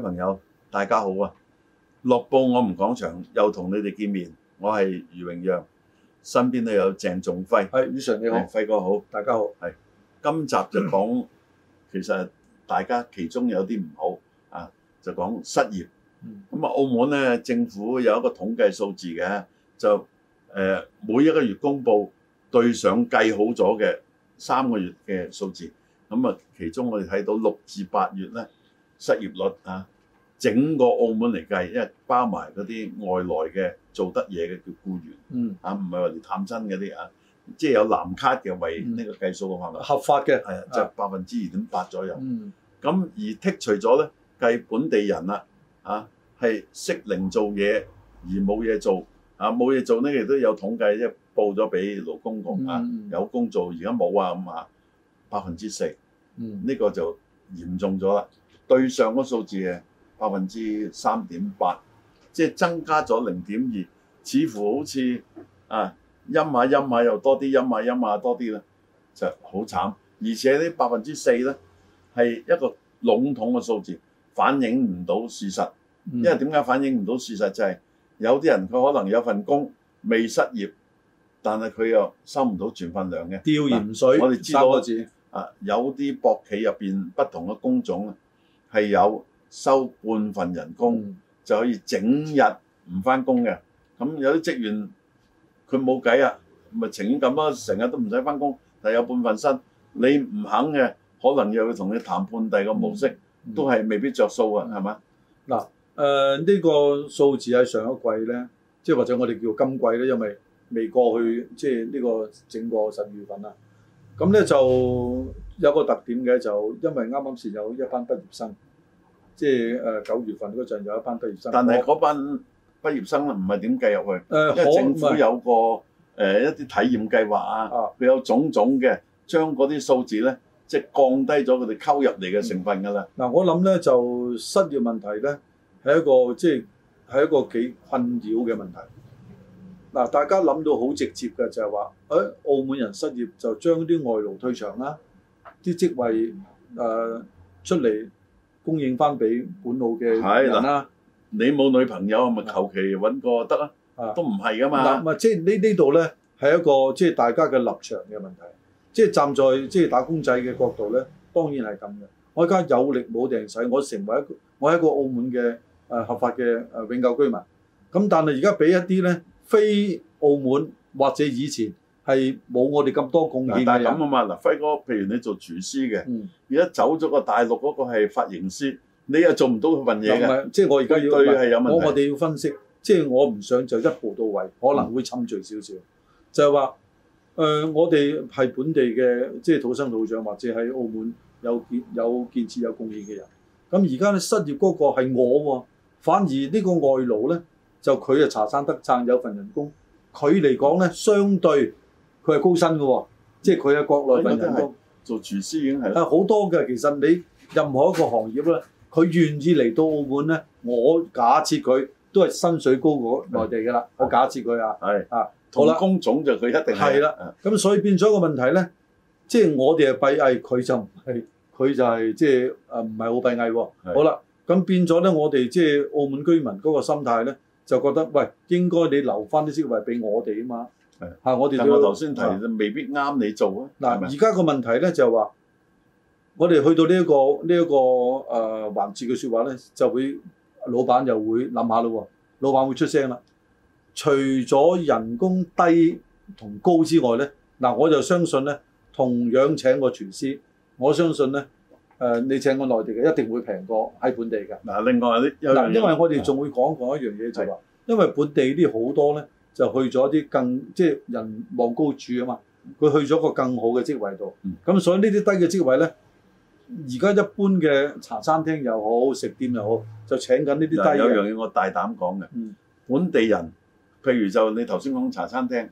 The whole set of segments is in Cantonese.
朋友，大家好啊！《樂報我唔講場，又同你哋見面，我係余榮陽，身邊都有鄭仲輝。係以上你好，輝哥好，大家好。係今集就講，其實大家其中有啲唔好啊，就講失業。咁啊，澳門咧政府有一個統計數字嘅，就誒、呃、每一個月公布，對上計好咗嘅三個月嘅數字。咁啊，其中我哋睇到六至八月咧。失業率啊，整個澳門嚟計，因為包埋嗰啲外來嘅做得嘢嘅叫僱員，嗯，啊，唔係話嚟探親嗰啲啊，即係有藍卡嘅為呢個計數嘅嘛，合法嘅，係啊，就百分之二點八左右，嗯，咁而剔除咗咧，計本地人啦，啊，啊，係適齡做嘢而冇嘢做，啊，冇嘢做呢亦都有統計，即係報咗俾勞工局啊，嗯，有工做而家冇啊，咁啊，百分之四，嗯，呢個就嚴重咗啦。對上個數字誒，百分之三點八，即係增加咗零點二，似乎好似啊陰下陰下又多啲陰下陰下多啲啦，就好慘。而且這呢百分之四咧係一個籠統嘅數字，反映唔到事實。因為點解反映唔到事實就係有啲人佢可能有份工未失業，但係佢又收唔到全份糧嘅。吊鹽水，我哋三個字啊，有啲博企入邊不同嘅工種。係有收半份人工就可以整日唔翻工嘅，咁有啲職員佢冇計啊，咪情願咁咯，成日都唔使翻工，但有半份薪，你唔肯嘅，可能又要同你談判第二個模式，都係未必着數啊，係咪？嗱，誒呢個數字喺上一季咧，即係或者我哋叫今季咧，因為未過去即係呢個整個十月份啦，咁咧就。有個特點嘅就因為啱啱先有一班畢業生，即係誒九月份嗰陣有一班畢業生。但係嗰班畢業生唔係點計入去？誒、呃，政府有個誒一啲體驗計劃啊，佢有種種嘅將嗰啲數字咧，即、就、係、是、降低咗佢哋溝入嚟嘅成分㗎啦。嗱、嗯嗯嗯，我諗咧就失業問題咧係一個即係係一個幾困擾嘅問題。嗱、嗯，大家諗到好直接嘅就係話誒，澳門人失業就將啲外勞退場啦。啲職位誒、呃、出嚟供應翻俾本澳嘅人嗱、啊，你冇女朋友咪求其揾個得啦？係咪係嘅啊，都唔係㗎嘛。嗱，咪即係呢呢度咧，係一個即係、即係、大家嘅立場嘅問題。即、即、係、係、站在即係、即係、打工仔嘅角度咧，當然係咁嘅。我而家有力冇定使，我成為一個我係一個澳門嘅誒、呃、合法嘅誒、呃、永久居民。咁但係而家俾一啲咧非澳門或者以前。係冇我哋咁多貢獻，但係咁啊嘛。嗱，輝哥，譬如你做廚師嘅，而、嗯、家走咗個大陸嗰個係髮型師，你又做唔到份嘢嘅。即係我而家要，對係有問題，我我哋要分析，即係我唔想就一步到位，可能會侵蝕少少。就係、是、話、呃，我哋係本地嘅，即、就、係、是、土生土長或者喺澳門有建有建設有貢獻嘅人。咁而家咧失業嗰個係我喎、哦，反而呢個外勞咧就佢啊茶山得讚有份人工，佢嚟講咧相對。佢係高薪嘅喎，即係佢喺國內做廚師已經係好多嘅。其實你任何一個行業咧，佢願意嚟到澳門咧，我假設佢都係薪水高過內地嘅啦。我假設佢啊，係啊，同工種就佢一定係。係啦，咁所以變咗個問題咧，即係我哋係閉翳，佢就唔係，佢就係即係誒唔係好閉翳喎。好啦，咁變咗咧，我哋即係澳門居民嗰個心態咧，就覺得喂，應該你留翻啲職位俾我哋啊嘛。係，嚇！我哋但係頭先提未必啱你做啊。嗱，而家個問題咧就係話，我哋去到呢、這、一個呢一、這個誒環節嘅説話咧，就會老闆就會諗下啦喎，老闆會，會出聲啦。除咗人工低同高之外咧，嗱我就相信咧，同樣請個廚師，我相信咧誒、呃，你請個內地嘅一定會平過喺本地嘅。嗱，另外啲，因為我哋仲會講講一樣嘢就話、是，因為本地啲好多咧。就去咗啲更即係人望高處啊嘛！佢去咗個更好嘅職位度，咁、嗯、所以呢啲低嘅職位呢，而家一般嘅茶餐廳又好，食店又好，就請緊呢啲低嘅。有，有一樣嘢我大膽講嘅、嗯，本地人譬如就你頭先講茶餐廳，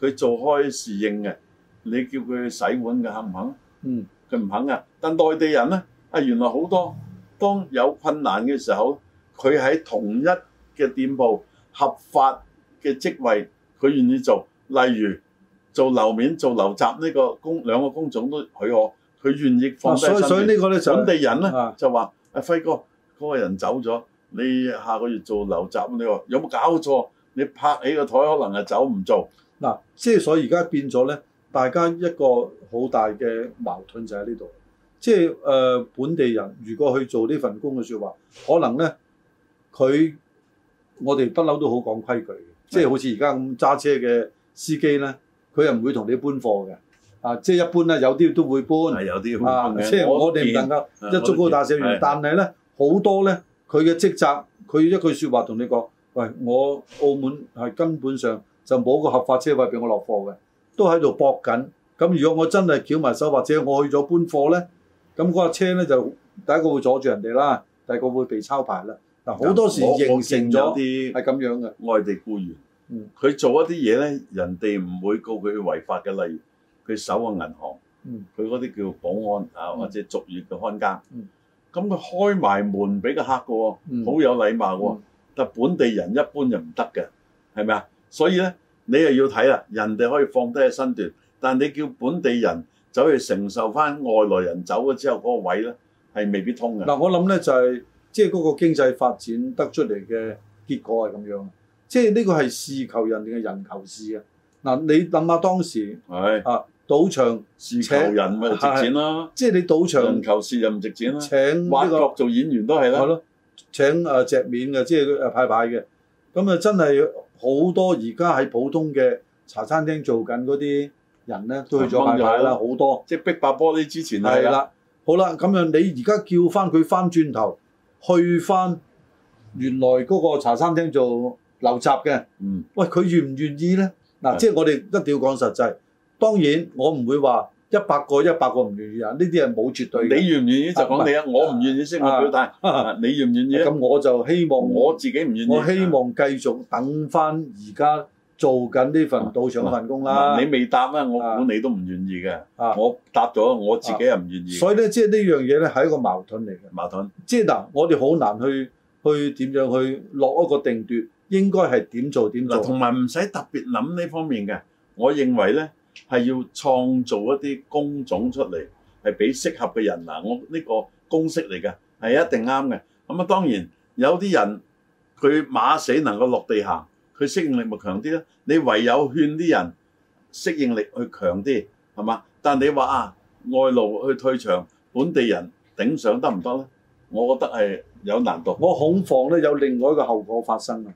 佢做開侍應嘅，你叫佢洗碗嘅肯唔肯？嗯，佢唔肯啊。但內地人呢，啊，原來好多當有困難嘅時候，佢喺同一嘅店鋪合法嘅職位，佢願意做，例如做樓面、做樓閘呢個工，兩個工種都許可，佢願意放低、啊、所以所以呢個咧、就是，本地人咧、啊、就話：阿、啊、輝哥嗰、嗰個人走咗，你下個月做樓閘，你話有冇搞錯？你拍起個台，可能係走唔做嗱。即係所以而家變咗咧，大家一個好大嘅矛盾就喺呢度。即係誒本地人如果去做呢份工嘅説話，可能咧佢我哋不嬲都好講規矩。即係好似而家咁揸車嘅司機咧，佢又唔會同你搬貨嘅。啊，即係一般咧，有啲都會搬。係有啲啊，即係我哋唔能夠一足高大社員，但係咧好多咧，佢嘅職責，佢一句説話同你講，喂，我澳門係根本上就冇個合法車位俾我落貨嘅，都喺度搏緊。咁如果我真係翹埋手，或者我去咗搬貨咧，咁嗰架車咧就第一個會阻住人哋啦，第二個會被抄牌啦。好多時形成咗啲係咁樣嘅外地雇員，佢做一啲嘢咧，人哋唔會告佢違法嘅。例如佢守個銀行，佢嗰啲叫保安啊，嗯、或者逐月嘅看家。咁、嗯、佢開埋門俾個客嘅喎，好、嗯、有禮貌喎。嗯、但本地人一般就唔得嘅，係咪啊？所以咧，你又要睇啦，人哋可以放低嘅身段，但你叫本地人走去承受翻外來人走咗之後嗰、那個位咧，係未必通嘅。嗱、嗯，我諗咧就係、是。即係嗰個經濟發展得出嚟嘅結果係咁樣，即係呢個係事求人定係人求事啊？嗱，你諗下當時係啊，賭場事求人咪值錢咯，即係你賭場人求事就唔值錢啦、啊。請呢、這個玩國做演員都係啦，係咯，請誒隻、呃、面嘅，即係誒派牌嘅。咁啊，真係好多而家喺普通嘅茶餐廳做緊嗰啲人咧，都去咗派牌啦，好多即係逼爆玻璃之前係啦。好啦，咁樣你而家叫翻佢翻轉頭。去翻原來嗰個茶餐廳做流雜嘅，喂佢願唔願意咧？嗱、啊，即係我哋一定要講實際。當然我唔會話一百個一百個唔願意啊，呢啲係冇絕對嘅。你願唔願意就講你啊，我唔願意先我表態。你願唔願意？咁我就希望我自己唔願意。我希望繼續等翻而家。做緊呢份到上份工啦、啊啊，你未答咩、啊？我估你都唔願意嘅、啊。我答咗，我自己又唔願意、啊啊。所以咧，即係呢樣嘢咧，係一個矛盾嚟嘅。矛盾。即係嗱、啊，我哋好難去去點樣去落一個定奪，應該係點做點做。同埋唔使特別諗呢方面嘅，我認為咧係要創造一啲工種出嚟，係俾適合嘅人嗱、啊，我呢個公式嚟嘅，係一定啱嘅。咁啊，當然有啲人佢馬死能夠落地行。嗯佢適應力咪強啲咧？你唯有勸啲人適應力去強啲，係嘛？但你話啊，外勞去退場，本地人頂上得唔得咧？我覺得係有難度。我恐防咧有另外一個後果發生啊！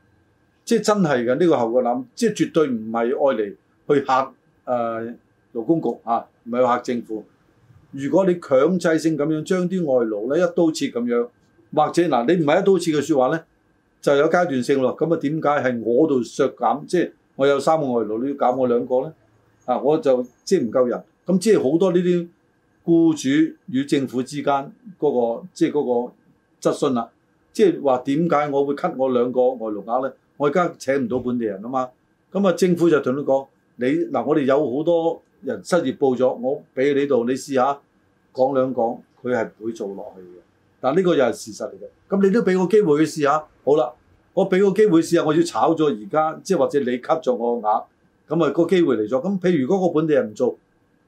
即係真係㗎，呢個後果諗，即係絕對唔係愛嚟去嚇誒勞工局啊唔係去嚇政府。如果你強制性咁樣將啲外勞咧一刀切咁樣，或者嗱，你唔係一刀切嘅說話咧。就有階段性咯，咁啊點解係我度削減？即係我有三個外勞，你要減我兩個咧？啊，我就即係唔夠人。咁即係好多呢啲僱主與政府之間嗰個即係嗰個質詢啦。即係話點解我會 cut 我兩個外勞額咧？我而家請唔到本地人啊嘛。咁啊，政府就同你講：你嗱，我哋有好多人失業報咗，我俾你度，你試下講兩講，佢係唔會做落去嘅。但呢個又係事實嚟嘅。咁你都俾個機會去試下。好啦，我俾個機會試下，我要炒咗而家，即係或者你吸咗我個額，咁、那、啊個機會嚟咗。咁譬如如果個本地人唔做，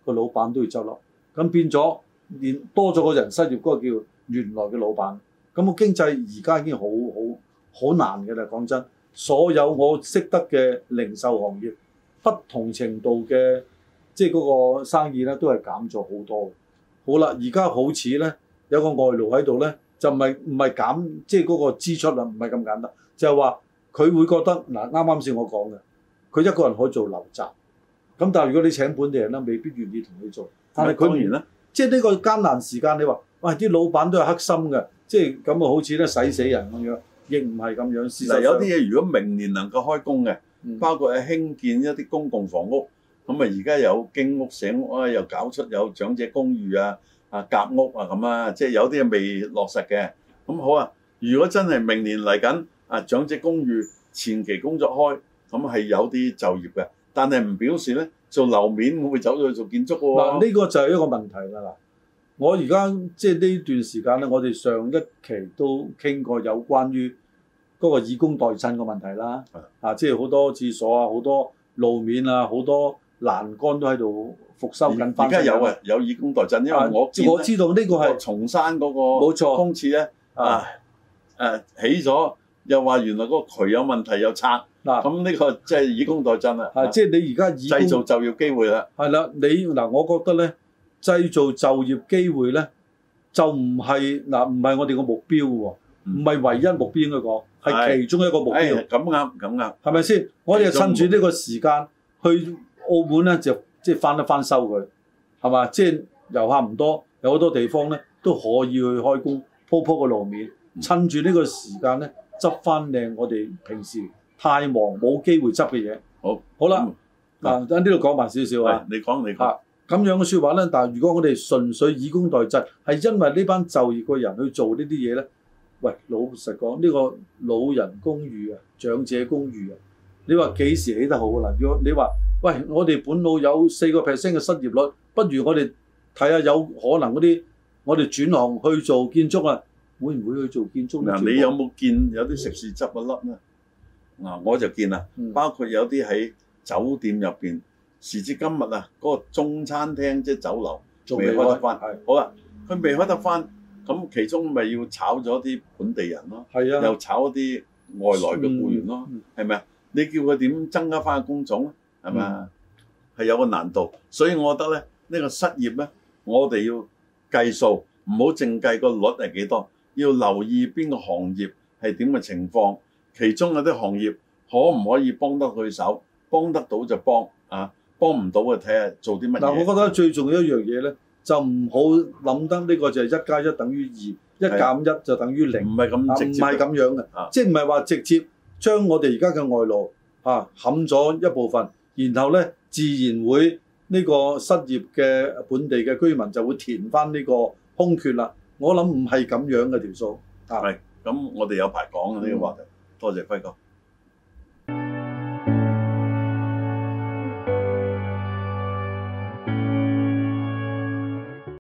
個老闆都要執笠，咁變咗連多咗個人失業嗰個叫原來嘅老闆。咁、那個經濟而家已經好好好難嘅啦。講真，所有我識得嘅零售行業，不同程度嘅即係嗰個生意咧，都係減咗好多。好啦，而家好似咧有個外勞喺度咧。就唔係唔係減即係嗰個支出啦，唔係咁簡單。就係話佢會覺得嗱，啱啱先我講嘅，佢一個人可以做樓宅。咁但係如果你請本地人咧，未必願意同你做。但係當然咧，即係呢個艱難時間，你話喂啲老闆都係黑心嘅，即係咁啊，好似咧使死人咁樣，亦唔係咁樣。事實有啲嘢，如果明年能夠開工嘅、嗯，包括係興建一啲公共房屋，咁啊而家有經屋、社屋啊，又搞出有長者公寓啊。啊，夾屋啊咁啊，即係有啲未落實嘅。咁好啊，如果真係明年嚟緊，啊長者公寓前期工作開，咁係有啲就業嘅，但係唔表示咧做樓面會走咗去做建築喎、啊。嗱，呢個就係一個問題啦嗱。我而家即係呢段時間咧，我哋上一期都傾過有關於嗰個以工代賑嘅問題啦。啊，即係好多廁所啊，好多路面啊，好多。欄杆都喺度復修緊，而家有啊，有以工代賑，因為我知、啊、我知道呢個係重山嗰個工廁咧啊誒、啊啊、起咗又話原來嗰個渠有問題又拆嗱咁呢個即係以工代賑啊，啊！即係你而家以製造就業機會啦，係啦，你嗱、啊、我覺得咧製造就業機會咧就唔係嗱唔係我哋個目標喎，唔、嗯、係唯一目標嚟講，係其中一個目標。誒咁啱咁啱，係咪先？我哋就趁住呢個時間去。澳門咧就即、是、係翻一翻修佢係嘛，即係、就是、遊客唔多，有好多地方咧都可以去開工鋪鋪個路面，嗯、趁住呢個時間咧執翻靚我哋平時太忙冇機會執嘅嘢。好，好啦，嗱喺呢度講埋少少啊，你講你講吓咁、啊、樣嘅說話咧。但係如果我哋純粹以工代質，係因為呢班就業個人去做呢啲嘢咧，喂，老實講呢、呢個老人公寓啊、長者公寓啊，你話幾時起得好啊？如果你話，喂，我哋本澳有四個 percent 嘅失業率，不如我哋睇下有可能嗰啲，我哋轉行去做建築啊，會唔會去做建築？嗱、嗯，你有冇見、嗯、有啲食肆執一粒呢？嗱、嗯，我就見啦、嗯，包括有啲喺酒店入面，時至今日啊，嗰、那個中餐廳即係、就是、酒樓仲未開，開得翻，好啦、啊，佢未開得翻，咁、嗯、其中咪要炒咗啲本地人咯，啊，又炒啲外來嘅僱員咯，係咪啊？你叫佢點增加翻嘅工種？係嘛？係、嗯、有個難度，所以我覺得咧，呢、呢個失業咧，我哋要計數，唔好淨計個率係幾多，要留意邊個行業係點嘅情況，其中有啲行業可唔可以幫得佢手，幫得到就幫啊，幫唔到就睇下做啲乜。但、啊、我覺得最重要一樣嘢咧，就唔好諗得呢個就係一加一等於二、啊，一減一就等於零、啊，唔係咁直接、唔係咁樣嘅、啊，即係唔係話直接將我哋而家嘅外勞啊冚咗一部分。然後咧，自然會呢個失業嘅本地嘅居民就會填翻呢個空缺啦。我諗唔係咁樣嘅條數。係、啊，咁我哋有排講嘅呢個話題。多謝輝哥。